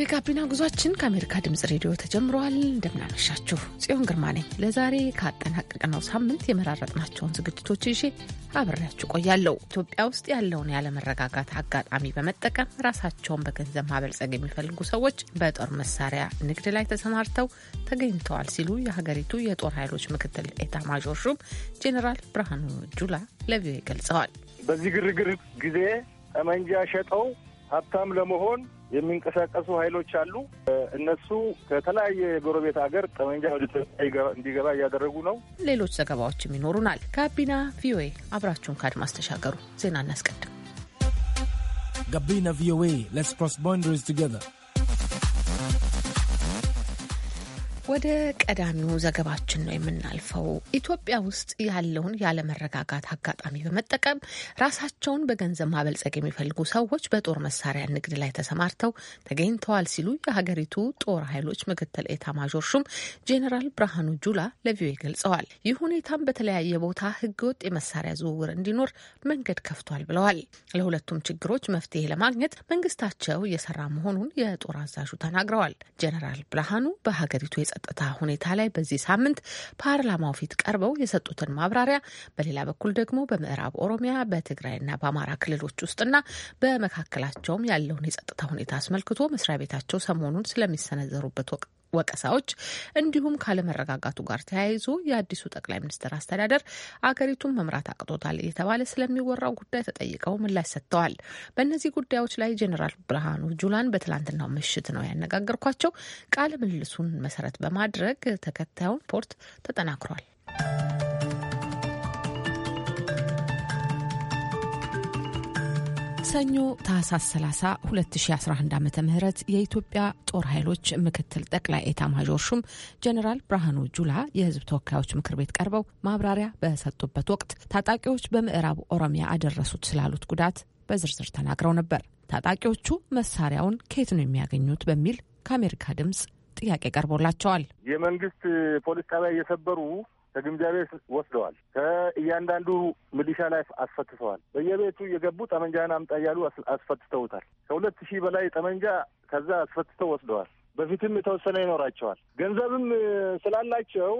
የጋቢና ጉዟችን ከአሜሪካ ድምጽ ሬዲዮ ተጀምረዋል። እንደምናመሻችሁ ጽዮን ግርማ ነኝ። ለዛሬ ካጠናቀቅነው ሳምንት የመራረጥናቸውን ዝግጅቶች ይዤ አብሬያችሁ ቆያለሁ። ኢትዮጵያ ውስጥ ያለውን ያለመረጋጋት አጋጣሚ በመጠቀም ራሳቸውን በገንዘብ ማበልጸግ የሚፈልጉ ሰዎች በጦር መሳሪያ ንግድ ላይ ተሰማርተው ተገኝተዋል ሲሉ የሀገሪቱ የጦር ኃይሎች ምክትል ኤታ ማዦር ሹም ጄኔራል ብርሃኑ ጁላ ለቪኦኤ ገልጸዋል። በዚህ ግርግር ጊዜ ጠመንጃ ሸጠው ሀብታም ለመሆን የሚንቀሳቀሱ ኃይሎች አሉ። እነሱ ከተለያየ የጎረቤት ሀገር ጠመንጃ ወደ ኢትዮጵያ እንዲገባ እያደረጉ ነው። ሌሎች ዘገባዎችም ይኖሩናል። ጋቢና ቪኦኤ አብራችሁን ከአድማስ ተሻገሩ። ዜና እናስቀድም። ጋቢና ቪኦኤ ሌትስ ክሮስ ቦንደሪስ ቱጌዘር ወደ ቀዳሚው ዘገባችን ነው የምናልፈው። ኢትዮጵያ ውስጥ ያለውን ያለመረጋጋት አጋጣሚ በመጠቀም ራሳቸውን በገንዘብ ማበልጸግ የሚፈልጉ ሰዎች በጦር መሳሪያ ንግድ ላይ ተሰማርተው ተገኝተዋል ሲሉ የሀገሪቱ ጦር ኃይሎች ምክትል ኤታ ማዦር ሹም ጄኔራል ብርሃኑ ጁላ ለቪኦኤ ገልጸዋል። ይህ ሁኔታም በተለያየ ቦታ ህገወጥ የመሳሪያ ዝውውር እንዲኖር መንገድ ከፍቷል ብለዋል። ለሁለቱም ችግሮች መፍትሄ ለማግኘት መንግስታቸው እየሰራ መሆኑን የጦር አዛዡ ተናግረዋል። ጄኔራል ብርሃኑ በሀገሪቱ የጸጥታ ሁኔታ ላይ በዚህ ሳምንት ፓርላማው ፊት ቀርበው የሰጡትን ማብራሪያ፣ በሌላ በኩል ደግሞ በምዕራብ ኦሮሚያ በትግራይና በአማራ ክልሎች ውስጥና በመካከላቸውም ያለውን የጸጥታ ሁኔታ አስመልክቶ መስሪያ ቤታቸው ሰሞኑን ስለሚሰነዘሩበት ወቅት ወቀሳዎች እንዲሁም ካለመረጋጋቱ ጋር ተያይዞ የአዲሱ ጠቅላይ ሚኒስትር አስተዳደር አገሪቱን መምራት አቅቶታል እየተባለ ስለሚወራው ጉዳይ ተጠይቀው ምላሽ ሰጥተዋል። በእነዚህ ጉዳዮች ላይ ጀኔራል ብርሃኑ ጁላን በትላንትናው ምሽት ነው ያነጋገርኳቸው። ቃለ ምልልሱን መሰረት በማድረግ ተከታዩን ፖርት ተጠናክሯል። ሰኞ ታህሳስ 30 2011 ዓ ም የኢትዮጵያ ጦር ኃይሎች ምክትል ጠቅላይ ኤታ ማዦር ሹም ጀኔራል ብርሃኑ ጁላ የህዝብ ተወካዮች ምክር ቤት ቀርበው ማብራሪያ በሰጡበት ወቅት ታጣቂዎች በምዕራብ ኦሮሚያ አደረሱት ስላሉት ጉዳት በዝርዝር ተናግረው ነበር። ታጣቂዎቹ መሳሪያውን ከየት ነው የሚያገኙት በሚል ከአሜሪካ ድምፅ ጥያቄ ቀርቦላቸዋል። የመንግስት ፖሊስ ጣቢያ እየሰበሩ ከግምጃ ቤት ወስደዋል። ከእያንዳንዱ ሚሊሻ ላይ አስፈትተዋል። በየቤቱ እየገቡ ጠመንጃህን አምጣ እያሉ አስፈትተውታል። ከሁለት ሺህ በላይ ጠመንጃ ከዛ አስፈትተው ወስደዋል። በፊትም የተወሰነ ይኖራቸዋል። ገንዘብም ስላላቸው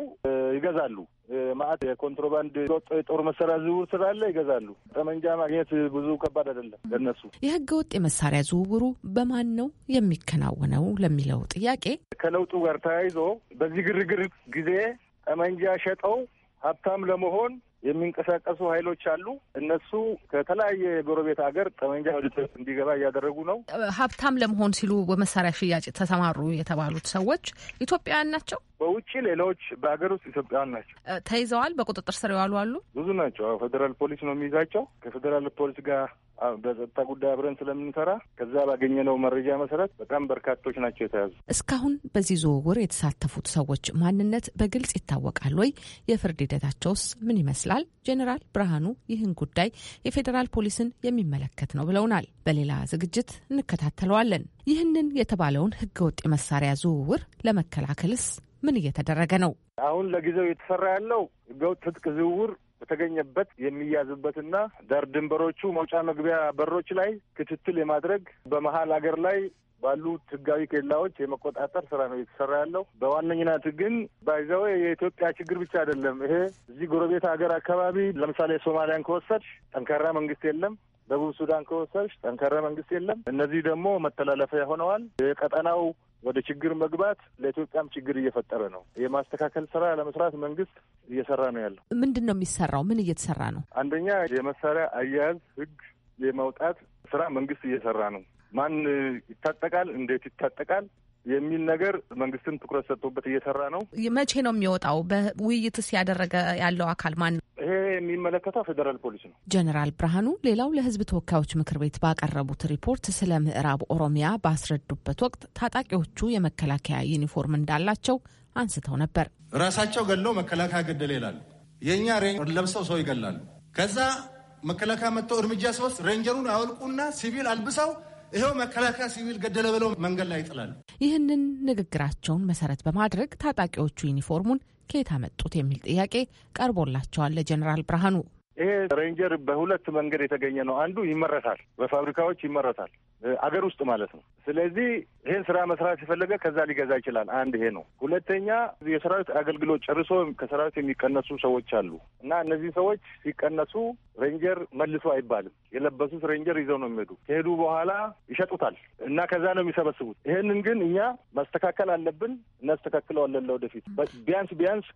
ይገዛሉ። ማአት የኮንትሮባንድ የጦር መሳሪያ ዝውውር ስላለ ይገዛሉ። ጠመንጃ ማግኘት ብዙ ከባድ አይደለም ለነሱ። የህገ ወጥ የመሳሪያ ዝውውሩ በማን ነው የሚከናወነው ለሚለው ጥያቄ ከለውጡ ጋር ተያይዞ በዚህ ግርግር ጊዜ ጠመንጃ ሸጠው ሀብታም ለመሆን የሚንቀሳቀሱ ኃይሎች አሉ። እነሱ ከተለያየ የጎረቤት ሀገር ጠመንጃ እንዲገባ እያደረጉ ነው። ሀብታም ለመሆን ሲሉ በመሳሪያ ሽያጭ ተሰማሩ የተባሉት ሰዎች ኢትዮጵያውያን ናቸው። በውጭ ሌሎች፣ በሀገር ውስጥ ኢትዮጵያውያን ናቸው። ተይዘዋል። በቁጥጥር ስር የዋሉ አሉ። ብዙ ናቸው። ፌዴራል ፖሊስ ነው የሚይዛቸው። ከፌዴራል ፖሊስ ጋር በጸጥታ ጉዳይ አብረን ስለምንሰራ ከዛ ባገኘነው መረጃ መሰረት በጣም በርካቶች ናቸው የተያዙ። እስካሁን በዚህ ዝውውር የተሳተፉት ሰዎች ማንነት በግልጽ ይታወቃል ወይ? የፍርድ ሂደታቸውስ ምን ይመስላል? ጄኔራል ብርሃኑ ይህን ጉዳይ የፌዴራል ፖሊስን የሚመለከት ነው ብለውናል። በሌላ ዝግጅት እንከታተለዋለን። ይህንን የተባለውን ህገወጥ የመሳሪያ ዝውውር ለመከላከልስ ምን እየተደረገ ነው? አሁን ለጊዜው እየተሰራ ያለው ህገወጥ ትጥቅ ዝውውር በተገኘበት የሚያዝበትና ዳር ድንበሮቹ መውጫ መግቢያ በሮች ላይ ክትትል የማድረግ በመሀል አገር ላይ ባሉት ህጋዊ ኬላዎች የመቆጣጠር ስራ ነው እየተሰራ ያለው። በዋነኝነት ግን ባይዘዌ የኢትዮጵያ ችግር ብቻ አይደለም። ይሄ እዚህ ጎረቤት ሀገር አካባቢ ለምሳሌ ሶማሊያን ከወሰድሽ ጠንካራ መንግስት የለም። ደቡብ ሱዳን ከወሰድሽ ጠንካራ መንግስት የለም። እነዚህ ደግሞ መተላለፊያ ሆነዋል። የቀጠናው ወደ ችግር መግባት ለኢትዮጵያም ችግር እየፈጠረ ነው። የማስተካከል ስራ ለመስራት መንግስት እየሰራ ነው ያለው። ምንድን ነው የሚሰራው? ምን እየተሰራ ነው? አንደኛ የመሳሪያ አያያዝ ህግ የማውጣት ስራ መንግስት እየሰራ ነው። ማን ይታጠቃል፣ እንዴት ይታጠቃል፣ የሚል ነገር መንግስትም ትኩረት ሰጥቶበት እየሰራ ነው። መቼ ነው የሚወጣው? በውይይትስ ያደረገ ያለው አካል ማን ነው? ይሄ የሚመለከተው ፌዴራል ፖሊስ ነው። ጀኔራል ብርሃኑ ሌላው ለህዝብ ተወካዮች ምክር ቤት ባቀረቡት ሪፖርት ስለ ምዕራብ ኦሮሚያ ባስረዱበት ወቅት ታጣቂዎቹ የመከላከያ ዩኒፎርም እንዳላቸው አንስተው ነበር። ራሳቸው ገለው መከላከያ ገደለ ይላሉ። የእኛ ሬንጀር ለብሰው ሰው ይገላሉ። ከዛ መከላከያ መጥተው እርምጃ ሲወስድ ሬንጀሩን አወልቁና ሲቪል አልብሰው ይኸው መከላከያ ሲቪል ገደለ ብለው መንገድ ላይ ይጥላል። ይህንን ንግግራቸውን መሰረት በማድረግ ታጣቂዎቹ ዩኒፎርሙን ከየት አመጡት የሚል ጥያቄ ቀርቦላቸዋል ለጀኔራል ብርሃኑ። ይሄ ሬንጀር በሁለት መንገድ የተገኘ ነው። አንዱ ይመረታል፣ በፋብሪካዎች ይመረታል። አገር ውስጥ ማለት ነው። ስለዚህ ይህን ስራ መስራት ሲፈለገ ከዛ ሊገዛ ይችላል። አንድ ይሄ ነው። ሁለተኛ የሰራዊት አገልግሎት ጨርሶ ከሰራዊት የሚቀነሱ ሰዎች አሉ እና እነዚህ ሰዎች ሲቀነሱ ሬንጀር መልሶ አይባልም። የለበሱት ሬንጀር ይዘው ነው የሚሄዱ። ከሄዱ በኋላ ይሸጡታል እና ከዛ ነው የሚሰበስቡት። ይህንን ግን እኛ ማስተካከል አለብን፣ እናስተካክለዋለን ለወደፊት ቢያንስ ቢያንስ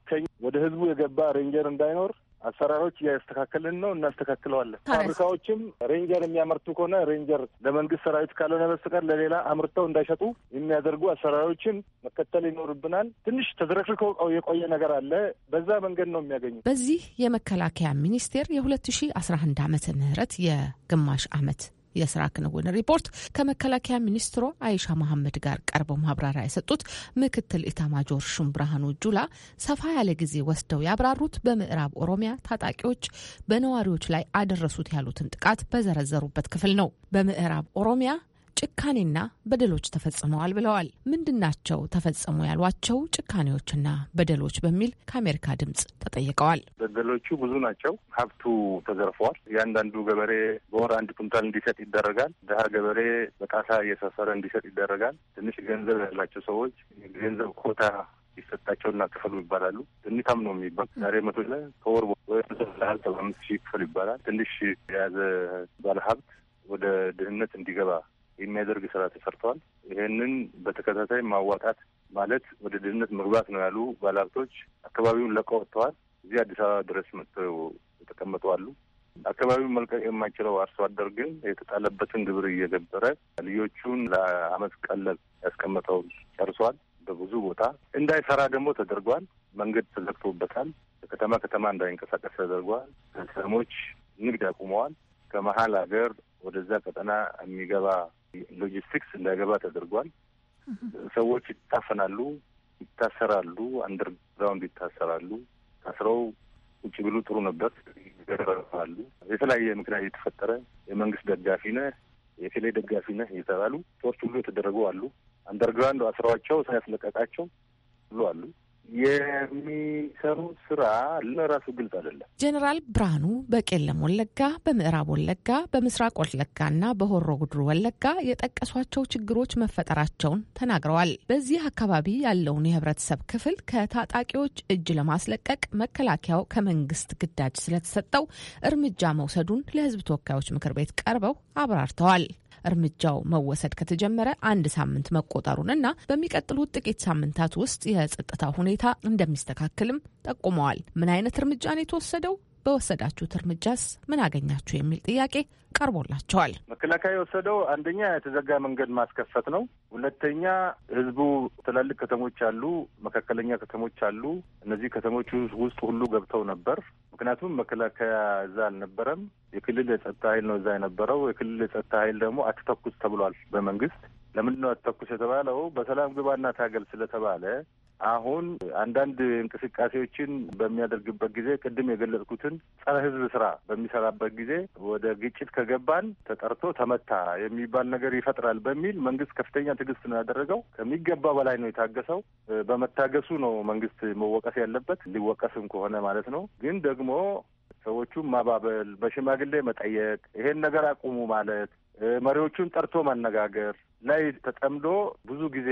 ወደ ህዝቡ የገባ ሬንጀር እንዳይኖር አሰራሮች እያስተካከልን ነው፣ እናስተካክለዋለን። ፋብሪካዎችም ሬንጀር የሚያመርቱ ከሆነ ሬንጀር ለመንግስት ሰራዊት ካልሆነ በስተቀር ለሌላ አምርተው እንዳይሸጡ የሚያደርጉ አሰራሮችን መከተል ይኖርብናል። ትንሽ ተዝረክርከው የቆየ ነገር አለ። በዛ መንገድ ነው የሚያገኙ። በዚህ የመከላከያ ሚኒስቴር የ2011 ዓመተ ምህረት የግማሽ ዓመት የስራ ክንውን ሪፖርት ከመከላከያ ሚኒስትሩ አይሻ መሐመድ ጋር ቀርበው ማብራሪያ የሰጡት ምክትል ኢታማጆር ሹም ብርሃኑ ጁላ ሰፋ ያለ ጊዜ ወስደው ያብራሩት በምዕራብ ኦሮሚያ ታጣቂዎች በነዋሪዎች ላይ አደረሱት ያሉትን ጥቃት በዘረዘሩበት ክፍል ነው። በምዕራብ ኦሮሚያ ጭካኔና በደሎች ተፈጽመዋል ብለዋል። ምንድናቸው ተፈጸሙ ያሏቸው ጭካኔዎችና በደሎች በሚል ከአሜሪካ ድምጽ ተጠይቀዋል። በደሎቹ ብዙ ናቸው። ሀብቱ ተዘርፈዋል። የአንዳንዱ ገበሬ በወር አንድ ኩንታል እንዲሰጥ ይደረጋል። ድሀ ገበሬ በጣሳ እየሰፈረ እንዲሰጥ ይደረጋል። ትንሽ ገንዘብ ያላቸው ሰዎች ገንዘብ ኮታ ይሰጣቸውና ክፈሉ ይባላሉ። ትንታም ነው የሚባል ዛሬ መቶ ላይ ከወር ወይሰል ሰባ አምስት ሺህ ክፈሉ ይባላል። ትንሽ የያዘ ባለሀብት ወደ ድህነት እንዲገባ የሚያደርግ ስራ ተሰርተዋል። ይህንን በተከታታይ ማዋጣት ማለት ወደ ድህነት መግባት ነው ያሉ ባለሀብቶች አካባቢውን ለቀው ወጥተዋል። እዚህ አዲስ አበባ ድረስ መጥተው የተቀመጡ አሉ። አካባቢውን መልቀቅ የማይችለው አርሶ አደር ግን የተጣለበትን ግብር እየገበረ ልጆቹን ለአመት ቀለብ ያስቀመጠው ጨርሷል። በብዙ ቦታ እንዳይሰራ ደግሞ ተደርጓል። መንገድ ተዘግቶበታል። ከተማ ከተማ እንዳይንቀሳቀስ ተደርጓል። ከተሞች ንግድ አቁመዋል። ከመሀል ሀገር ወደዛ ቀጠና የሚገባ ሎጂስቲክስ እንዳይገባ ተደርጓል። ሰዎች ይታፈናሉ፣ ይታሰራሉ፣ አንደርግራውንድ ይታሰራሉ። ታስረው ውጭ ብሉ ጥሩ ነበር ይገረሉ። የተለያየ ምክንያት የተፈጠረ የመንግስት ደጋፊ ነህ፣ የቴሌ ደጋፊ ነህ እየተባሉ ሰዎች ሁሉ የተደረጉ አሉ። አንደርግራውንድ አስረዋቸው ሳያስለቀቃቸው ሁሉ አሉ። የሚሰሩት ስራ ለራሱ ግልጽ አይደለም። ጀኔራል ብርሃኑ በቄለም ወለጋ፣ በምዕራብ ወለጋ፣ በምስራቅ እና በሆሮ ጉድሩ ወለጋ የጠቀሷቸው ችግሮች መፈጠራቸውን ተናግረዋል። በዚህ አካባቢ ያለውን የህብረተሰብ ክፍል ከታጣቂዎች እጅ ለማስለቀቅ መከላከያው ከመንግስት ግዳጅ ስለተሰጠው እርምጃ መውሰዱን ለህዝብ ተወካዮች ምክር ቤት ቀርበው አብራርተዋል። እርምጃው መወሰድ ከተጀመረ አንድ ሳምንት መቆጠሩን እና በሚቀጥሉት ጥቂት ሳምንታት ውስጥ የጸጥታ ሁኔታ እንደሚስተካከልም ጠቁመዋል። ምን አይነት እርምጃ ነው የተወሰደው? በወሰዳችሁት እርምጃስ ምን አገኛችሁ የሚል ጥያቄ ቀርቦላቸዋል። መከላከያ የወሰደው አንደኛ የተዘጋ መንገድ ማስከፈት ነው። ሁለተኛ ህዝቡ ትላልቅ ከተሞች አሉ፣ መካከለኛ ከተሞች አሉ። እነዚህ ከተሞች ውስጥ ሁሉ ገብተው ነበር። ምክንያቱም መከላከያ እዛ አልነበረም። የክልል የጸጥታ ኃይል ነው እዛ የነበረው። የክልል የጸጥታ ኃይል ደግሞ አትተኩስ ተብሏል በመንግስት። ለምንድን ነው አትተኩስ የተባለው? በሰላም ግባና ታገል ስለተባለ አሁን አንዳንድ እንቅስቃሴዎችን በሚያደርግበት ጊዜ ቅድም የገለጽኩትን ጸረ ሕዝብ ስራ በሚሰራበት ጊዜ ወደ ግጭት ከገባን ተጠርቶ ተመታ የሚባል ነገር ይፈጥራል በሚል መንግስት ከፍተኛ ትዕግስት ነው ያደረገው። ከሚገባ በላይ ነው የታገሰው። በመታገሱ ነው መንግስት መወቀስ ያለበት፣ ሊወቀስም ከሆነ ማለት ነው። ግን ደግሞ ሰዎቹን ማባበል፣ በሽማግሌ መጠየቅ፣ ይሄን ነገር አቁሙ ማለት፣ መሪዎቹን ጠርቶ ማነጋገር ላይ ተጠምዶ ብዙ ጊዜ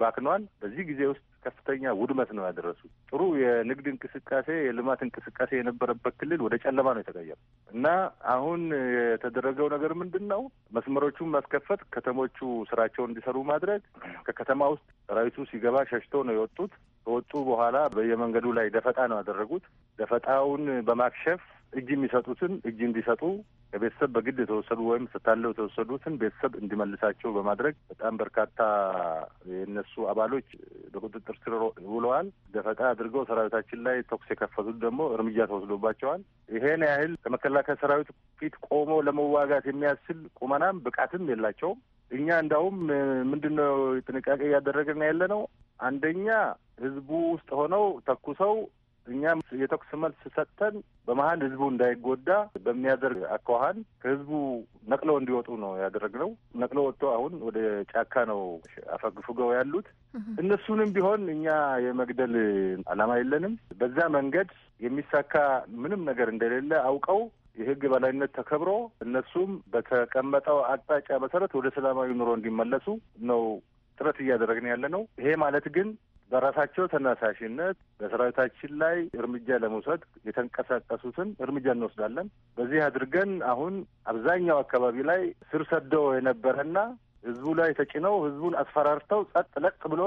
ባክኗል። በዚህ ጊዜ ውስጥ ከፍተኛ ውድመት ነው ያደረሱት። ጥሩ የንግድ እንቅስቃሴ፣ የልማት እንቅስቃሴ የነበረበት ክልል ወደ ጨለማ ነው የተቀየረው እና አሁን የተደረገው ነገር ምንድን ነው? መስመሮቹን ማስከፈት፣ ከተሞቹ ስራቸውን እንዲሰሩ ማድረግ። ከከተማ ውስጥ ሰራዊቱ ሲገባ ሸሽቶ ነው የወጡት። ከወጡ በኋላ በየመንገዱ ላይ ደፈጣ ነው ያደረጉት። ደፈጣውን በማክሸፍ እጅ የሚሰጡትን እጅ እንዲሰጡ ከቤተሰብ በግድ የተወሰዱ ወይም ስታለው የተወሰዱትን ቤተሰብ እንዲመልሳቸው በማድረግ በጣም በርካታ የእነሱ አባሎች በቁጥጥር ስር ውለዋል። ደፈጣ አድርገው ሰራዊታችን ላይ ተኩስ የከፈቱት ደግሞ እርምጃ ተወስዶባቸዋል። ይሄን ያህል ከመከላከያ ሰራዊት ፊት ቆሞ ለመዋጋት የሚያስችል ቁመናም ብቃትም የላቸውም። እኛ እንዳውም ምንድን ነው ጥንቃቄ እያደረግን ያለ ነው። አንደኛ ህዝቡ ውስጥ ሆነው ተኩሰው እኛም የተኩስ መልስ ሰጥተን በመሀል ህዝቡ እንዳይጎዳ በሚያደርግ አኳኋን ከህዝቡ ነቅለው እንዲወጡ ነው ያደረግነው። ነቅለው ወጥቶ አሁን ወደ ጫካ ነው አፈግፍገው ያሉት። እነሱንም ቢሆን እኛ የመግደል አላማ የለንም። በዛ መንገድ የሚሳካ ምንም ነገር እንደሌለ አውቀው የህግ በላይነት ተከብሮ እነሱም በተቀመጠው አቅጣጫ መሰረት ወደ ሰላማዊ ኑሮ እንዲመለሱ ነው ጥረት እያደረግን ያለ ነው። ይሄ ማለት ግን በራሳቸው ተነሳሽነት በሰራዊታችን ላይ እርምጃ ለመውሰድ የተንቀሳቀሱትን እርምጃ እንወስዳለን። በዚህ አድርገን አሁን አብዛኛው አካባቢ ላይ ስር ሰደው የነበረና ህዝቡ ላይ ተጭነው ህዝቡን አስፈራርተው ጸጥ ለጥ ብሎ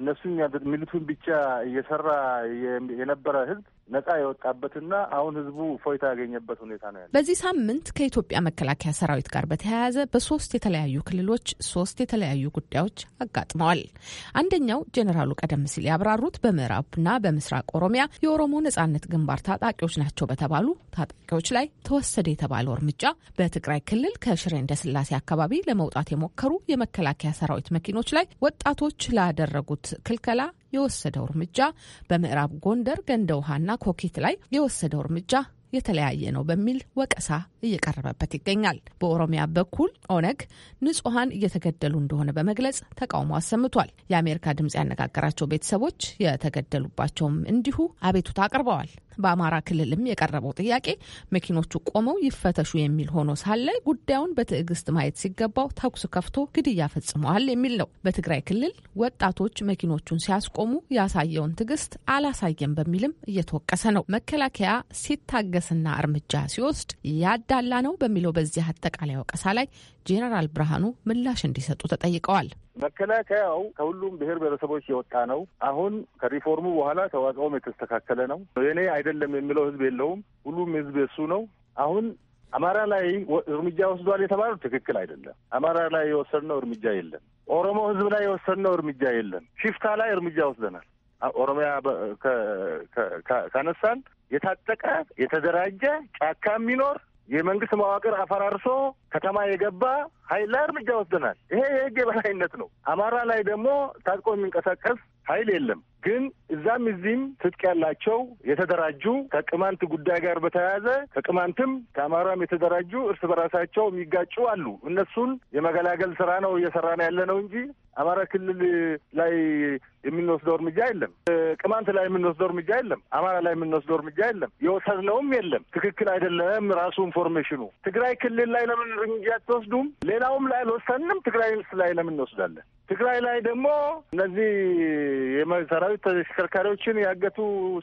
እነሱ የሚሉትን ብቻ እየሰራ የነበረ ህዝብ ነጻ የወጣበትና አሁን ህዝቡ ፎይታ ያገኘበት ሁኔታ ነው ያለ። በዚህ ሳምንት ከኢትዮጵያ መከላከያ ሰራዊት ጋር በተያያዘ በሶስት የተለያዩ ክልሎች ሶስት የተለያዩ ጉዳዮች አጋጥመዋል። አንደኛው ጄኔራሉ ቀደም ሲል ያብራሩት በምዕራብና በምስራቅ ኦሮሚያ የኦሮሞ ነጻነት ግንባር ታጣቂዎች ናቸው በተባሉ ታጣቂዎች ላይ ተወሰደ የተባለው እርምጃ፣ በትግራይ ክልል ከሽሬ እንደ ስላሴ አካባቢ ለመውጣት የሞከሩ የመከላከያ ሰራዊት መኪኖች ላይ ወጣቶች ላደረጉት ክልከላ የወሰደው እርምጃ፣ በምዕራብ ጎንደር ገንደ ውሃና ኮኬት ላይ የወሰደው እርምጃ የተለያየ ነው በሚል ወቀሳ እየቀረበበት ይገኛል። በኦሮሚያ በኩል ኦነግ ንጹሐን እየተገደሉ እንደሆነ በመግለጽ ተቃውሞ አሰምቷል። የአሜሪካ ድምፅ ያነጋገራቸው ቤተሰቦች የተገደሉባቸውም እንዲሁ አቤቱታ አቅርበዋል። በአማራ ክልልም የቀረበው ጥያቄ መኪኖቹ ቆመው ይፈተሹ የሚል ሆኖ ሳለ ጉዳዩን በትዕግስት ማየት ሲገባው ተኩስ ከፍቶ ግድያ ፈጽመዋል የሚል ነው። በትግራይ ክልል ወጣቶች መኪኖቹን ሲያስቆሙ ያሳየውን ትዕግስት አላሳየም በሚልም እየተወቀሰ ነው። መከላከያ ሲታገስና እርምጃ ሲወስድ ያዳላ ነው በሚለው በዚህ አጠቃላይ ወቀሳ ላይ ጄኔራል ብርሃኑ ምላሽ እንዲሰጡ ተጠይቀዋል። መከላከያው ከሁሉም ብሔር ብሔረሰቦች የወጣ ነው። አሁን ከሪፎርሙ በኋላ ተዋጽኦም የተስተካከለ ነው። የኔ አይደለም የሚለው ህዝብ የለውም። ሁሉም ህዝብ የሱ ነው። አሁን አማራ ላይ እርምጃ ወስዷል የተባለው ትክክል አይደለም። አማራ ላይ የወሰድነው እርምጃ የለም። ኦሮሞ ህዝብ ላይ የወሰድነው እርምጃ የለም። ሽፍታ ላይ እርምጃ ወስደናል። ኦሮሚያ ካነሳን የታጠቀ የተደራጀ ጫካ የሚኖር የመንግስት መዋቅር አፈራርሶ ከተማ የገባ ኃይል ላይ እርምጃ ወስደናል። ይሄ የህግ የበላይነት ነው። አማራ ላይ ደግሞ ታጥቆ የሚንቀሳቀስ ኃይል የለም። ግን እዛም እዚህም ትጥቅ ያላቸው የተደራጁ ከቅማንት ጉዳይ ጋር በተያያዘ ከቅማንትም ከአማራም የተደራጁ እርስ በራሳቸው የሚጋጩ አሉ። እነሱን የመገላገል ስራ ነው እየሰራ ነው ያለ ነው እንጂ አማራ ክልል ላይ የምንወስደው እርምጃ የለም። ቅማንት ላይ የምንወስደው እርምጃ የለም። አማራ ላይ የምንወስደው እርምጃ የለም። የወሰድነውም የለም። ትክክል አይደለም። ራሱ ኢንፎርሜሽኑ ትግራይ ክልል ላይ ለምን እርምጃ አትወስዱም? ሌላውም ላይ አልወሰንም። ትግራይ ላይ ለምን እንወስዳለን? ትግራይ ላይ ደግሞ እነዚህ የሰራዊት ተሽከርካሪዎችን ያገቱ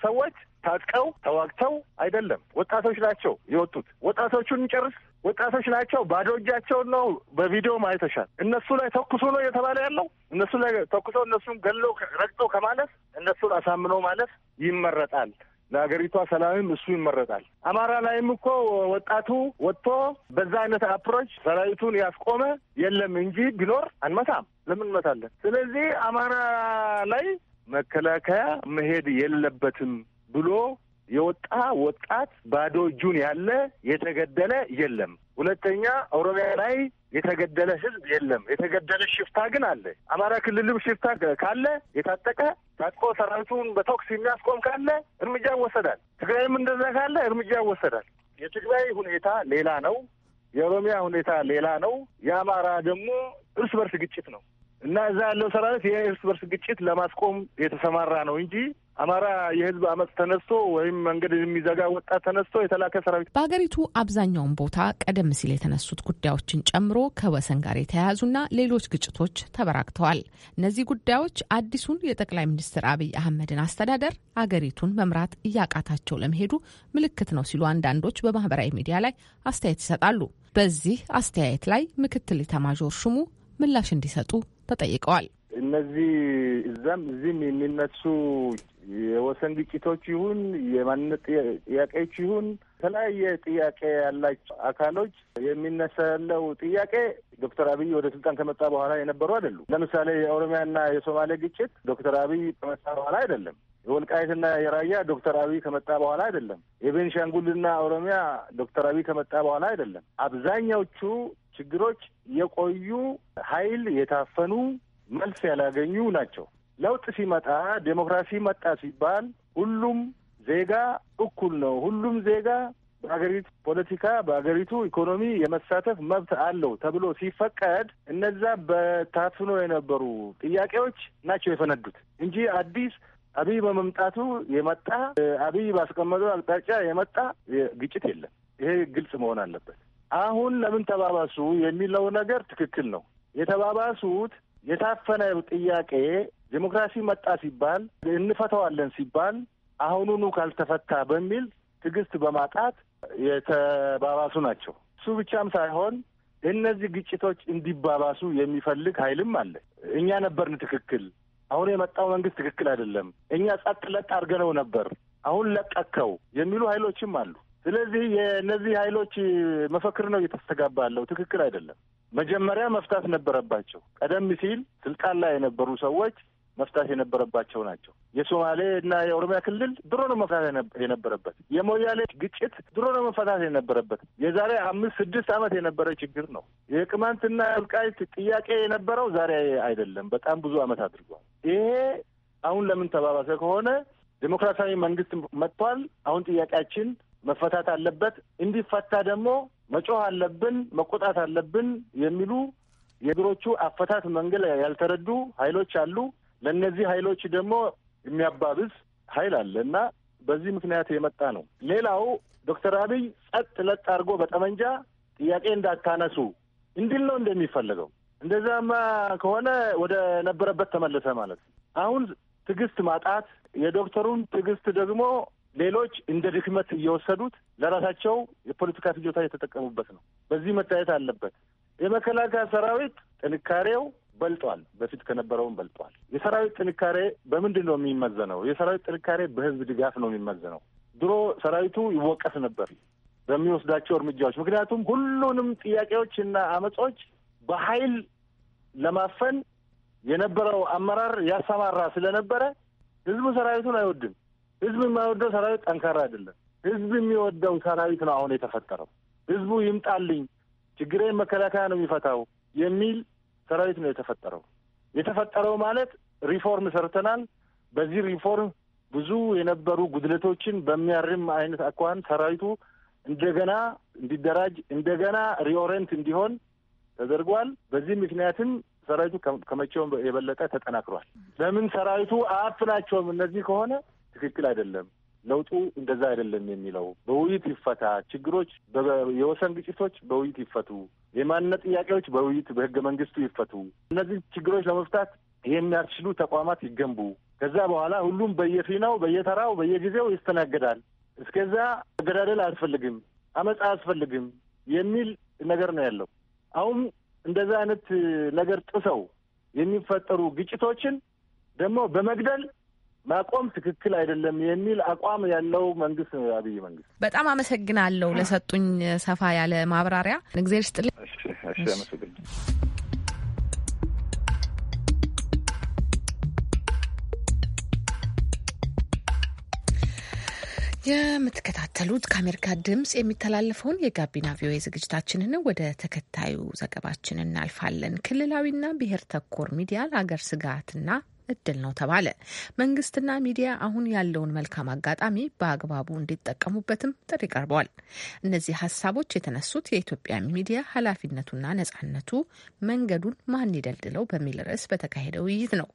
ሰዎች ታጥቀው ተዋግተው አይደለም፣ ወጣቶች ናቸው የወጡት። ወጣቶቹን ጨርስ ወጣቶች ናቸው። ባዶ እጃቸውን ነው። በቪዲዮ ማየተሻል እነሱ ላይ ተኩሶ ነው እየተባለ ያለው። እነሱ ላይ ተኩሶ እነሱን ገሎ ረግጦ ከማለፍ እነሱን አሳምኖ ማለፍ ይመረጣል። ለሀገሪቷ ሰላምም እሱ ይመረጣል። አማራ ላይም እኮ ወጣቱ ወጥቶ በዛ አይነት አፕሮች ሰራዊቱን ያስቆመ የለም እንጂ ቢኖር አንመታም። ለምን እንመታለን? ስለዚህ አማራ ላይ መከላከያ መሄድ የለበትም ብሎ የወጣ ወጣት ባዶ እጁን ያለ የተገደለ የለም። ሁለተኛ ኦሮሚያ ላይ የተገደለ ህዝብ የለም። የተገደለ ሽፍታ ግን አለ። አማራ ክልልም ሽፍታ ካለ የታጠቀ ታጥቆ ሰራዊቱን በተኩስ የሚያስቆም ካለ እርምጃ ይወሰዳል። ትግራይም እንደዛ ካለ እርምጃ ይወሰዳል። የትግራይ ሁኔታ ሌላ ነው። የኦሮሚያ ሁኔታ ሌላ ነው። የአማራ ደግሞ እርስ በርስ ግጭት ነው። እና እዛ ያለው ሰራዊት የእርስ በርስ ግጭት ለማስቆም የተሰማራ ነው እንጂ አማራ የህዝብ አመፅ ተነስቶ ወይም መንገድ የሚዘጋ ወጣት ተነስቶ የተላከ ሰራዊት በሀገሪቱ አብዛኛውን ቦታ ቀደም ሲል የተነሱት ጉዳዮችን ጨምሮ ከወሰን ጋር የተያያዙና ሌሎች ግጭቶች ተበራክተዋል። እነዚህ ጉዳዮች አዲሱን የጠቅላይ ሚኒስትር አብይ አህመድን አስተዳደር አገሪቱን መምራት እያቃታቸው ለመሄዱ ምልክት ነው ሲሉ አንዳንዶች በማህበራዊ ሚዲያ ላይ አስተያየት ይሰጣሉ። በዚህ አስተያየት ላይ ምክትል ኢታማዦር ሹሙ ምላሽ እንዲሰጡ ተጠይቀዋል። እነዚህ እዛም እዚህም የሚነሱ የወሰን ግጭቶች ይሁን የማንነት ጥያቄዎች ይሁን የተለያየ ጥያቄ ያላቸው አካሎች የሚነሳለው ጥያቄ ዶክተር አብይ ወደ ስልጣን ከመጣ በኋላ የነበሩ አይደሉ። ለምሳሌ የኦሮሚያና የሶማሌ ግጭት ዶክተር አብይ ከመጣ በኋላ አይደለም። የወልቃየትና የራያ ዶክተር አብይ ከመጣ በኋላ አይደለም። የቤንሻንጉልና ኦሮሚያ ዶክተር አብይ ከመጣ በኋላ አይደለም። አብዛኛዎቹ ችግሮች የቆዩ ኃይል የታፈኑ መልስ ያላገኙ ናቸው። ለውጥ ሲመጣ ዴሞክራሲ መጣ ሲባል ሁሉም ዜጋ እኩል ነው። ሁሉም ዜጋ በሀገሪቱ ፖለቲካ በሀገሪቱ ኢኮኖሚ የመሳተፍ መብት አለው ተብሎ ሲፈቀድ እነዛ በታፍኖ የነበሩ ጥያቄዎች ናቸው የፈነዱት እንጂ አዲስ አብይ በመምጣቱ የመጣ አብይ ባስቀመጠው አቅጣጫ የመጣ ግጭት የለም። ይሄ ግልጽ መሆን አለበት። አሁን ለምን ተባባሱ የሚለው ነገር ትክክል ነው። የተባባሱት የታፈነ ጥያቄ ዴሞክራሲ መጣ ሲባል እንፈተዋለን ሲባል አሁኑኑ ካልተፈታ በሚል ትዕግስት በማጣት የተባባሱ ናቸው። እሱ ብቻም ሳይሆን እነዚህ ግጭቶች እንዲባባሱ የሚፈልግ ኃይልም አለ። እኛ ነበርን ትክክል፣ አሁን የመጣው መንግስት ትክክል አይደለም፣ እኛ ጸጥ ለጥ አድርገነው ነበር፣ አሁን ለቀከው የሚሉ ኃይሎችም አሉ። ስለዚህ የእነዚህ ኃይሎች መፈክር ነው እየተስተጋባ ያለው ትክክል አይደለም። መጀመሪያ መፍታት ነበረባቸው። ቀደም ሲል ስልጣን ላይ የነበሩ ሰዎች መፍታት የነበረባቸው ናቸው። የሶማሌ እና የኦሮሚያ ክልል ድሮ ነው መፍታት የነበረበት። የሞያሌ ግጭት ድሮ ነው መፈታት የነበረበት። የዛሬ አምስት ስድስት ዓመት የነበረ ችግር ነው። የቅማንትና ወልቃይት ጥያቄ የነበረው ዛሬ አይደለም፣ በጣም ብዙ ዓመት አድርጓል። ይሄ አሁን ለምን ተባባሰ ከሆነ ዴሞክራሲያዊ መንግስት መጥቷል። አሁን ጥያቄያችን መፈታት አለበት። እንዲፈታ ደግሞ መጮህ አለብን፣ መቆጣት አለብን የሚሉ የእግሮቹ አፈታት መንገድ ያልተረዱ ኃይሎች አሉ። ለእነዚህ ኃይሎች ደግሞ የሚያባብስ ኃይል አለ እና በዚህ ምክንያት የመጣ ነው። ሌላው ዶክተር አብይ ጸጥ ለጥ አድርጎ በጠመንጃ ጥያቄ እንዳታነሱ እንዲል ነው እንደሚፈልገው። እንደዛማ ከሆነ ወደ ነበረበት ተመለሰ ማለት ነው። አሁን ትዕግስት ማጣት የዶክተሩን ትዕግስት ደግሞ ሌሎች እንደ ድክመት እየወሰዱት ለራሳቸው የፖለቲካ ፍጆታ እየተጠቀሙበት ነው። በዚህ መታየት አለበት። የመከላከያ ሰራዊት ጥንካሬው በልጧል። በፊት ከነበረውም በልጧል። የሰራዊት ጥንካሬ በምንድን ነው የሚመዘነው? የሰራዊት ጥንካሬ በህዝብ ድጋፍ ነው የሚመዘነው። ድሮ ሰራዊቱ ይወቀስ ነበር በሚወስዳቸው እርምጃዎች። ምክንያቱም ሁሉንም ጥያቄዎች እና አመጾች በኃይል ለማፈን የነበረው አመራር ያሰማራ ስለነበረ ህዝቡ ሰራዊቱን አይወድም። ህዝብ የማይወደው ሰራዊት ጠንካራ አይደለም። ህዝብ የሚወደው ሰራዊት ነው አሁን የተፈጠረው። ህዝቡ ይምጣልኝ፣ ችግሬን መከላከያ ነው የሚፈታው የሚል ሰራዊት ነው የተፈጠረው። የተፈጠረው ማለት ሪፎርም ሰርተናል። በዚህ ሪፎርም ብዙ የነበሩ ጉድለቶችን በሚያርም አይነት አኳን ሰራዊቱ እንደገና እንዲደራጅ እንደገና ሪኦሬንት እንዲሆን ተደርጓል። በዚህ ምክንያትም ሰራዊቱ ከመቼውም የበለጠ ተጠናክሯል። ለምን ሰራዊቱ አያፍናቸውም እነዚህ ከሆነ ትክክል አይደለም፣ ለውጡ እንደዛ አይደለም የሚለው በውይይት ይፈታ፣ ችግሮች፣ የወሰን ግጭቶች በውይይት ይፈቱ፣ የማንነት ጥያቄዎች በውይይት በህገ መንግስቱ ይፈቱ። እነዚህ ችግሮች ለመፍታት የሚያስችሉ ተቋማት ይገንቡ። ከዛ በኋላ ሁሉም በየፊናው በየተራው በየጊዜው ይስተናገዳል። እስከዛ መገዳደል አያስፈልግም፣ አመፃ አያስፈልግም የሚል ነገር ነው ያለው። አሁን እንደዛ አይነት ነገር ጥሰው የሚፈጠሩ ግጭቶችን ደግሞ በመግደል ማቆም ትክክል አይደለም የሚል አቋም ያለው መንግስት ነው የአብይ መንግስት። በጣም አመሰግናለሁ ለሰጡኝ ሰፋ ያለ ማብራሪያ እግዜር ስጥልኝ። የምትከታተሉት ከአሜሪካ ድምጽ የሚተላለፈውን የጋቢና ቪኦኤ ዝግጅታችንን ወደ ተከታዩ ዘገባችን እናልፋለን። ክልላዊና ብሔር ተኮር ሚዲያ ለአገር ስጋትና እድል ነው ተባለ። መንግስትና ሚዲያ አሁን ያለውን መልካም አጋጣሚ በአግባቡ እንዲጠቀሙበትም ጥሪ ቀርበዋል። እነዚህ ሀሳቦች የተነሱት የኢትዮጵያ ሚዲያ ኃላፊነቱና ነጻነቱ መንገዱን ማን ይደልድለው በሚል ርዕስ በተካሄደ ውይይት ነው።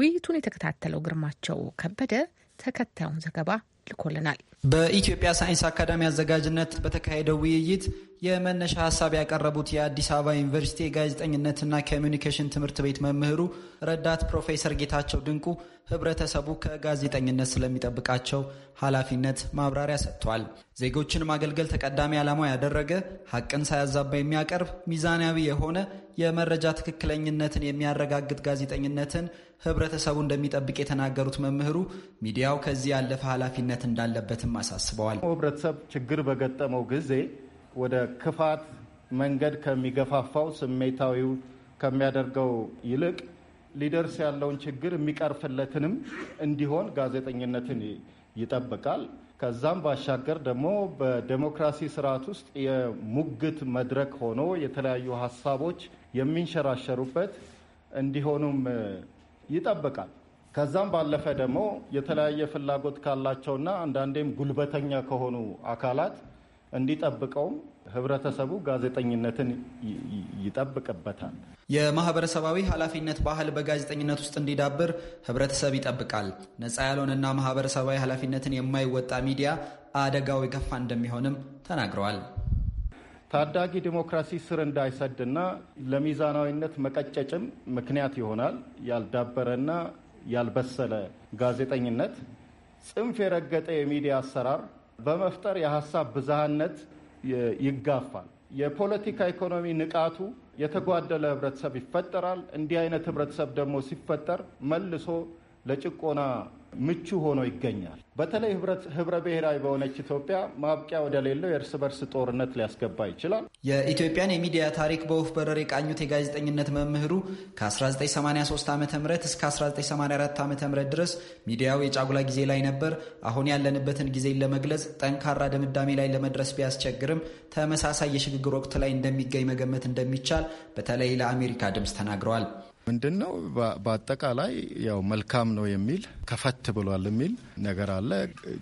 ውይይቱን የተከታተለው ግርማቸው ከበደ ተከታዩን ዘገባ ልኮልናል። በኢትዮጵያ ሳይንስ አካዳሚ አዘጋጅነት በተካሄደው ውይይት የመነሻ ሀሳብ ያቀረቡት የአዲስ አበባ ዩኒቨርሲቲ የጋዜጠኝነትና ኮሚኒኬሽን ትምህርት ቤት መምህሩ ረዳት ፕሮፌሰር ጌታቸው ድንቁ ህብረተሰቡ ከጋዜጠኝነት ስለሚጠብቃቸው ኃላፊነት ማብራሪያ ሰጥቷል። ዜጎችን ማገልገል ተቀዳሚ ዓላማው ያደረገ ሀቅን ሳያዛባ የሚያቀርብ ሚዛናዊ የሆነ የመረጃ ትክክለኝነትን የሚያረጋግጥ ጋዜጠኝነትን ህብረተሰቡ እንደሚጠብቅ የተናገሩት መምህሩ ሚዲያው ከዚህ ያለፈ ኃላፊነት እንዳለበትም አሳስበዋል። ህብረተሰብ ችግር በገጠመው ጊዜ ወደ ክፋት መንገድ ከሚገፋፋው ስሜታዊው ከሚያደርገው ይልቅ ሊደርስ ያለውን ችግር የሚቀርፍለትንም እንዲሆን ጋዜጠኝነትን ይጠብቃል። ከዛም ባሻገር ደግሞ በዴሞክራሲ ስርዓት ውስጥ የሙግት መድረክ ሆኖ የተለያዩ ሀሳቦች የሚንሸራሸሩበት እንዲሆኑም ይጠብቃል። ከዛም ባለፈ ደግሞ የተለያየ ፍላጎት ካላቸውና አንዳንዴም ጉልበተኛ ከሆኑ አካላት እንዲጠብቀውም ህብረተሰቡ ጋዜጠኝነትን ይጠብቅበታል። የማህበረሰባዊ ኃላፊነት ባህል በጋዜጠኝነት ውስጥ እንዲዳብር ህብረተሰብ ይጠብቃል። ነፃ ያልሆነና ማህበረሰባዊ ኃላፊነትን የማይወጣ ሚዲያ አደጋው የከፋ እንደሚሆንም ተናግረዋል። ታዳጊ ዲሞክራሲ ስር እንዳይሰድና ለሚዛናዊነት መቀጨጭም ምክንያት ይሆናል። ያልዳበረና ያልበሰለ ጋዜጠኝነት፣ ጽንፍ የረገጠ የሚዲያ አሰራር በመፍጠር የሀሳብ ብዝሃነት ይጋፋል። የፖለቲካ ኢኮኖሚ ንቃቱ የተጓደለ ህብረተሰብ ይፈጠራል። እንዲህ አይነት ህብረተሰብ ደግሞ ሲፈጠር መልሶ ለጭቆና ምቹ ሆኖ ይገኛል። በተለይ ህብረ ብሔራዊ በሆነች ኢትዮጵያ ማብቂያ ወደሌለው የእርስ በርስ ጦርነት ሊያስገባ ይችላል። የኢትዮጵያን የሚዲያ ታሪክ በወፍ በረር የቃኙት የጋዜጠኝነት መምህሩ ከ1983 ዓ ም እስከ 1984 ዓ ም ድረስ ሚዲያው የጫጉላ ጊዜ ላይ ነበር። አሁን ያለንበትን ጊዜን ለመግለጽ ጠንካራ ድምዳሜ ላይ ለመድረስ ቢያስቸግርም ተመሳሳይ የሽግግር ወቅት ላይ እንደሚገኝ መገመት እንደሚቻል በተለይ ለአሜሪካ ድምፅ ተናግረዋል። ምንድን ነው በአጠቃላይ ያው መልካም ነው የሚል ከፈት ብሏል የሚል ነገር አለ።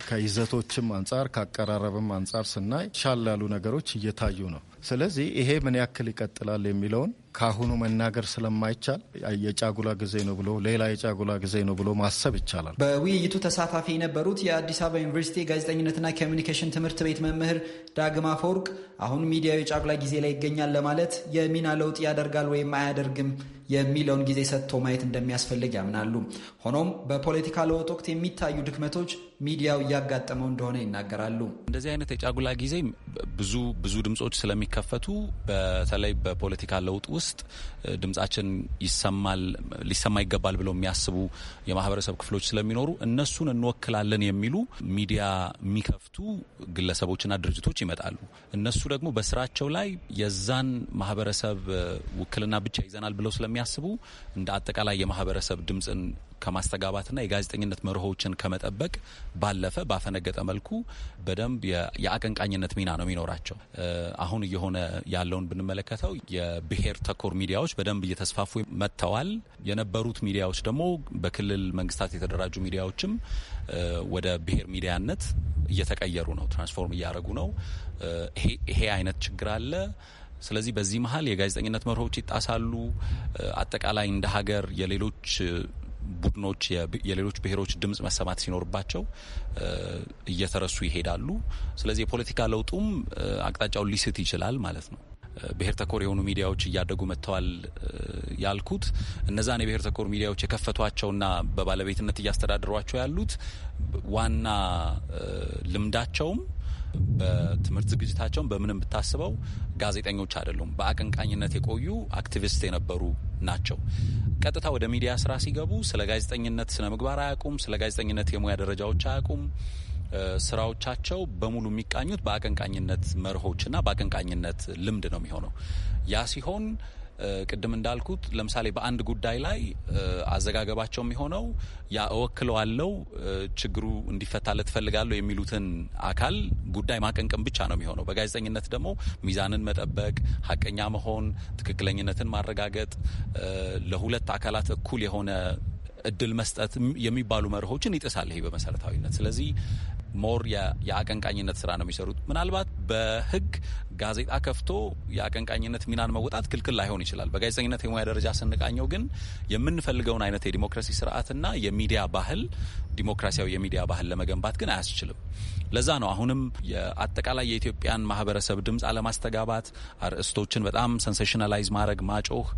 ከይዘቶችም አንጻር ከአቀራረብም አንጻር ስናይ ሻል ያሉ ነገሮች እየታዩ ነው። ስለዚህ ይሄ ምን ያክል ይቀጥላል የሚለውን ካሁኑ መናገር ስለማይቻል የጫጉላ ጊዜ ነው ብሎ ሌላ የጫጉላ ጊዜ ነው ብሎ ማሰብ ይቻላል። በውይይቱ ተሳታፊ የነበሩት የአዲስ አበባ ዩኒቨርሲቲ ጋዜጠኝነትና ኮሚኒኬሽን ትምህርት ቤት መምህር ዳግማ ፈወርቅ አሁን ሚዲያው የጫጉላ ጊዜ ላይ ይገኛል ለማለት የሚና ለውጥ ያደርጋል ወይም አያደርግም የሚለውን ጊዜ ሰጥቶ ማየት እንደሚያስፈልግ ያምናሉ። ሆኖም በፖለቲካ ለውጥ ወቅት የሚታዩ ድክመቶች ሚዲያው እያጋጠመው እንደሆነ ይናገራሉ። እንደዚህ አይነት የጫጉላ ጊዜ ብዙ ብዙ ድምጾች ስለሚከፈቱ በተለይ በፖለቲካ ለውጥ ውስጥ ድምጻችን ይሰማል ሊሰማ ይገባል ብለው የሚያስቡ የማህበረሰብ ክፍሎች ስለሚኖሩ እነሱን እንወክላለን የሚሉ ሚዲያ የሚከፍቱ ግለሰቦችና ድርጅቶች ይመጣሉ። እነሱ ደግሞ በስራቸው ላይ የዛን ማህበረሰብ ውክልና ብቻ ይዘናል ብለው ስለሚያስቡ እንደ አጠቃላይ የማህበረሰብ ድምፅን ከማስተጋባትና የጋዜጠኝነት መርሆችን ከመጠበቅ ባለፈ ባፈነገጠ መልኩ በደንብ የአቀንቃኝነት ሚና ነው የሚኖራቸው። አሁን እየሆነ ያለውን ብንመለከተው የብሔር ተኮር ሚዲያዎች በደንብ እየተስፋፉ መጥተዋል። የነበሩት ሚዲያዎች ደግሞ በክልል መንግስታት የተደራጁ ሚዲያዎችም ወደ ብሔር ሚዲያነት እየተቀየሩ ነው፣ ትራንስፎርም እያደረጉ ነው። ይሄ አይነት ችግር አለ። ስለዚህ በዚህ መሀል የጋዜጠኝነት መርሆች ይጣሳሉ። አጠቃላይ እንደ ሀገር የሌሎች ቡድኖች የሌሎች ብሔሮች ድምጽ መሰማት ሲኖርባቸው እየተረሱ ይሄዳሉ። ስለዚህ የፖለቲካ ለውጡም አቅጣጫውን ሊስት ይችላል ማለት ነው። ብሔር ተኮር የሆኑ ሚዲያዎች እያደጉ መጥተዋል ያልኩት እነዛን የብሔር ተኮር ሚዲያዎች የከፈቷቸውና በባለቤትነት እያስተዳድሯቸው ያሉት ዋና ልምዳቸውም በትምህርት ዝግጅታቸውን በምንም ብታስበው ጋዜጠኞች አይደሉም። በአቀንቃኝነት የቆዩ አክቲቪስት የነበሩ ናቸው። ቀጥታ ወደ ሚዲያ ስራ ሲገቡ ስለ ጋዜጠኝነት ስነ ምግባር አያውቁም። ስለ ጋዜጠኝነት የሙያ ደረጃዎች አያውቁም። ስራዎቻቸው በሙሉ የሚቃኙት በአቀንቃኝነት መርሆችና በአቀንቃኝነት ልምድ ነው የሚሆነው ያ ሲሆን ቅድም እንዳልኩት ለምሳሌ በአንድ ጉዳይ ላይ አዘጋገባቸው የሚሆነው ያ እወክለዋለው ችግሩ እንዲፈታለት እፈልጋለሁ የሚሉትን አካል ጉዳይ ማቀንቀን ብቻ ነው የሚሆነው። በጋዜጠኝነት ደግሞ ሚዛንን መጠበቅ፣ ሀቀኛ መሆን፣ ትክክለኝነትን ማረጋገጥ፣ ለሁለት አካላት እኩል የሆነ እድል መስጠት የሚባሉ መርሆችን ይጥሳል ይሄ በመሰረታዊነት። ስለዚህ ሞር የአቀንቃኝነት ስራ ነው የሚሰሩት። ምናልባት በህግ ጋዜጣ ከፍቶ የአቀንቃኝነት ሚናን መወጣት ክልክል ላይሆን ይችላል። በጋዜጠኝነት የሙያ ደረጃ ስንቃኘው ግን የምንፈልገውን አይነት የዲሞክራሲ ስርዓትና የሚዲያ ባህል ዲሞክራሲያዊ የሚዲያ ባህል ለመገንባት ግን አያስችልም። ለዛ ነው አሁንም የአጠቃላይ የኢትዮጵያን ማህበረሰብ ድምፅ አለማስተጋባት፣ አርእስቶችን በጣም ሰንሴሽናላይዝ ማድረግ፣ ማጮህ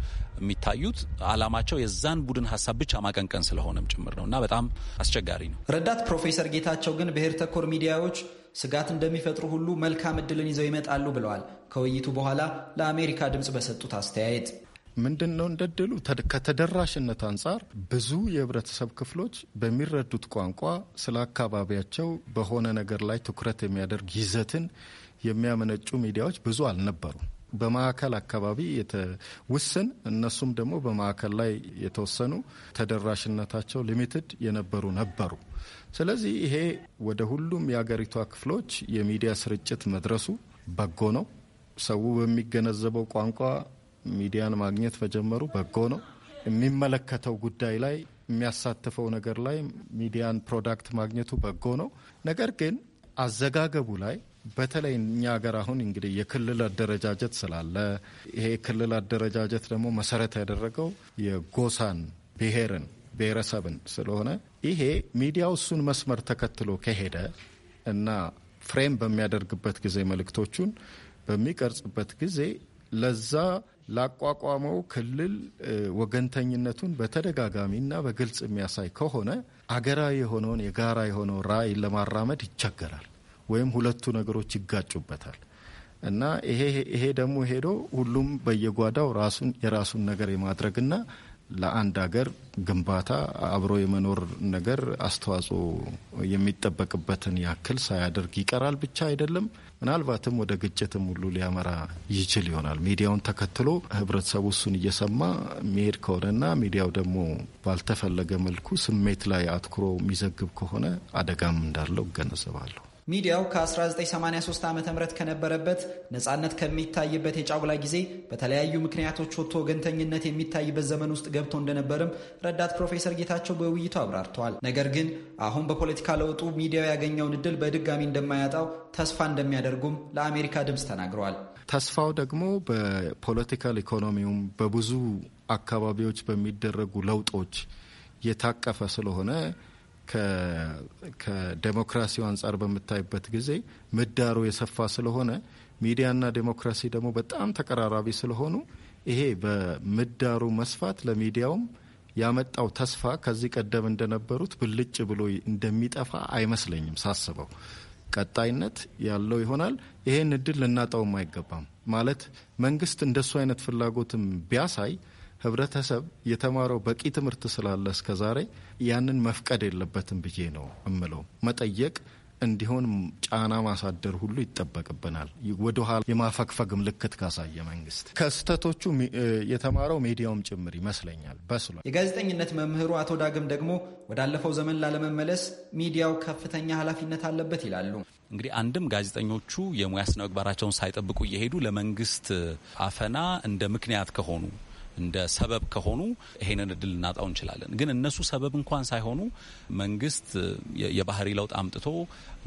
የሚታዩት አላማቸው የዛን ቡድን ሀሳብ ብቻ ማቀንቀን ስለሆነም ጭምር ነው እና በጣም አስቸጋሪ ነው። ረዳት ፕሮፌሰር ጌታቸው ግን ብሄር ተኮር ሚዲያዎች ስጋት እንደሚፈጥሩ ሁሉ መልካም እድልን ይዘው ይመጣሉ ብለዋል። ከውይይቱ በኋላ ለአሜሪካ ድምፅ በሰጡት አስተያየት ምንድን ነው እንደድሉ ከተደራሽነት አንጻር ብዙ የህብረተሰብ ክፍሎች በሚረዱት ቋንቋ ስለ አካባቢያቸው በሆነ ነገር ላይ ትኩረት የሚያደርግ ይዘትን የሚያመነጩ ሚዲያዎች ብዙ አልነበሩም። በማዕከል አካባቢ ውስን እነሱም ደግሞ በማዕከል ላይ የተወሰኑ ተደራሽነታቸው ሊሚትድ የነበሩ ነበሩ። ስለዚህ ይሄ ወደ ሁሉም የአገሪቷ ክፍሎች የሚዲያ ስርጭት መድረሱ በጎ ነው። ሰው በሚገነዘበው ቋንቋ ሚዲያን ማግኘት መጀመሩ በጎ ነው። የሚመለከተው ጉዳይ ላይ የሚያሳትፈው ነገር ላይ ሚዲያን ፕሮዳክት ማግኘቱ በጎ ነው። ነገር ግን አዘጋገቡ ላይ በተለይ እኛ ሀገር አሁን እንግዲህ የክልል አደረጃጀት ስላለ ይሄ የክልል አደረጃጀት ደግሞ መሰረት ያደረገው የጎሳን፣ ብሔርን፣ ብሔረሰብን ስለሆነ ይሄ ሚዲያው እሱን መስመር ተከትሎ ከሄደ እና ፍሬም በሚያደርግበት ጊዜ መልእክቶቹን በሚቀርጽበት ጊዜ ለዛ ላቋቋመው ክልል ወገንተኝነቱን በተደጋጋሚና በግልጽ የሚያሳይ ከሆነ አገራዊ የሆነውን የጋራ የሆነው ራዕይ ለማራመድ ይቸገራል። ወይም ሁለቱ ነገሮች ይጋጩበታል እና ይሄ ደግሞ ሄዶ ሁሉም በየጓዳው ራሱን የራሱን ነገር የማድረግና ለአንድ ሀገር ግንባታ አብሮ የመኖር ነገር አስተዋጽኦ የሚጠበቅበትን ያክል ሳያደርግ ይቀራል ብቻ አይደለም፣ ምናልባትም ወደ ግጭትም ሁሉ ሊያመራ ይችል ይሆናል። ሚዲያውን ተከትሎ ህብረተሰቡ እሱን እየሰማ የሚሄድ ከሆነና ሚዲያው ደግሞ ባልተፈለገ መልኩ ስሜት ላይ አትኩሮ የሚዘግብ ከሆነ አደጋም እንዳለው እገነዘባለሁ። ሚዲያው ከ1983 ዓ ም ከነበረበት ነፃነት ከሚታይበት የጫጉላ ጊዜ በተለያዩ ምክንያቶች ወጥቶ ወገንተኝነት የሚታይበት ዘመን ውስጥ ገብቶ እንደነበርም ረዳት ፕሮፌሰር ጌታቸው በውይይቱ አብራርተዋል። ነገር ግን አሁን በፖለቲካ ለውጡ ሚዲያው ያገኘውን እድል በድጋሚ እንደማያጣው ተስፋ እንደሚያደርጉም ለአሜሪካ ድምፅ ተናግረዋል። ተስፋው ደግሞ በፖለቲካል ኢኮኖሚውም በብዙ አካባቢዎች በሚደረጉ ለውጦች የታቀፈ ስለሆነ ከዴሞክራሲው አንጻር በምታይበት ጊዜ ምህዳሩ የሰፋ ስለሆነ ሚዲያና ዴሞክራሲ ደግሞ በጣም ተቀራራቢ ስለሆኑ ይሄ በምህዳሩ መስፋት ለሚዲያውም ያመጣው ተስፋ ከዚህ ቀደም እንደነበሩት ብልጭ ብሎ እንደሚጠፋ አይመስለኝም ሳስበው ቀጣይነት ያለው ይሆናል። ይሄን እድል ልናጣውም አይገባም። ማለት መንግስት እንደሱ አይነት ፍላጎትም ቢያሳይ ህብረተሰብ የተማረው በቂ ትምህርት ስላለ እስከዛሬ ያንን መፍቀድ የለበትም ብዬ ነው እምለው። መጠየቅ እንዲሆን ጫና ማሳደር ሁሉ ይጠበቅብናል። ወደኋላ የማፈግፈግ ምልክት ካሳየ መንግስት ከስህተቶቹ የተማረው ሚዲያውም ጭምር ይመስለኛል በስሏል። የጋዜጠኝነት መምህሩ አቶ ዳግም ደግሞ ወዳለፈው ዘመን ላለመመለስ ሚዲያው ከፍተኛ ኃላፊነት አለበት ይላሉ። እንግዲህ አንድም ጋዜጠኞቹ የሙያ ስነ ምግባራቸውን ሳይጠብቁ እየሄዱ ለመንግስት አፈና እንደ ምክንያት ከሆኑ እንደ ሰበብ ከሆኑ ይሄንን እድል ልናጣው እንችላለን። ግን እነሱ ሰበብ እንኳን ሳይሆኑ መንግስት የባህሪ ለውጥ አምጥቶ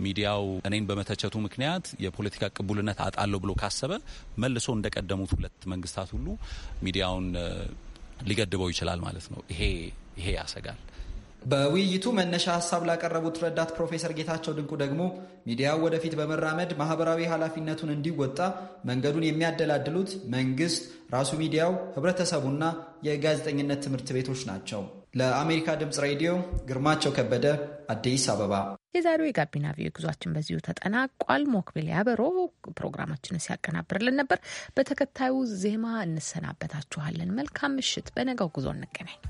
ሚዲያው እኔን በመተቸቱ ምክንያት የፖለቲካ ቅቡልነት አጣለሁ ብሎ ካሰበ መልሶ እንደቀደሙት ሁለት መንግስታት ሁሉ ሚዲያውን ሊገድበው ይችላል ማለት ነው። ይሄ ይሄ ያሰጋል። በውይይቱ መነሻ ሀሳብ ላቀረቡት ረዳት ፕሮፌሰር ጌታቸው ድንቁ ደግሞ ሚዲያው ወደፊት በመራመድ ማህበራዊ ኃላፊነቱን እንዲወጣ መንገዱን የሚያደላድሉት መንግስት፣ ራሱ ሚዲያው፣ ህብረተሰቡና የጋዜጠኝነት ትምህርት ቤቶች ናቸው። ለአሜሪካ ድምፅ ሬዲዮ ግርማቸው ከበደ አዲስ አበባ። የዛሬው የጋቢና ቪዮ ጉዟችን በዚሁ ተጠናቋል። ሞክቤል ያበሮ ፕሮግራማችንን ሲያቀናብርልን ነበር። በተከታዩ ዜማ እንሰናበታችኋለን። መልካም ምሽት። በነጋው ጉዞ እንገናኝ።